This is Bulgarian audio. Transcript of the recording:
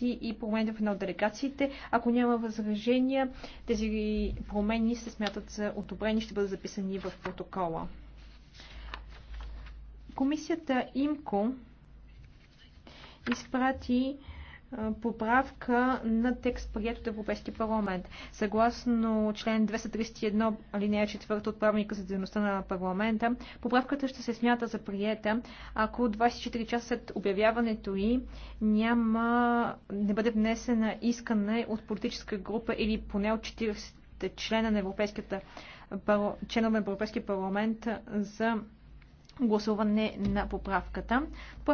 дейности и промените в една от делегациите. Ако няма възражения, тези промени се смятат за одобрени, ще бъдат записани в протокола. Комисията ИМКО изпрати поправка на текст прият от Европейския парламент. Съгласно член 231 алинея 4 от правилника за дейността на парламента, поправката ще се смята за приета, ако 24 часа след обявяването и няма, не бъде внесена искане от политическа група или поне от 40 члена на Европейската, члена на Европейския парламент за гласуване на поправката.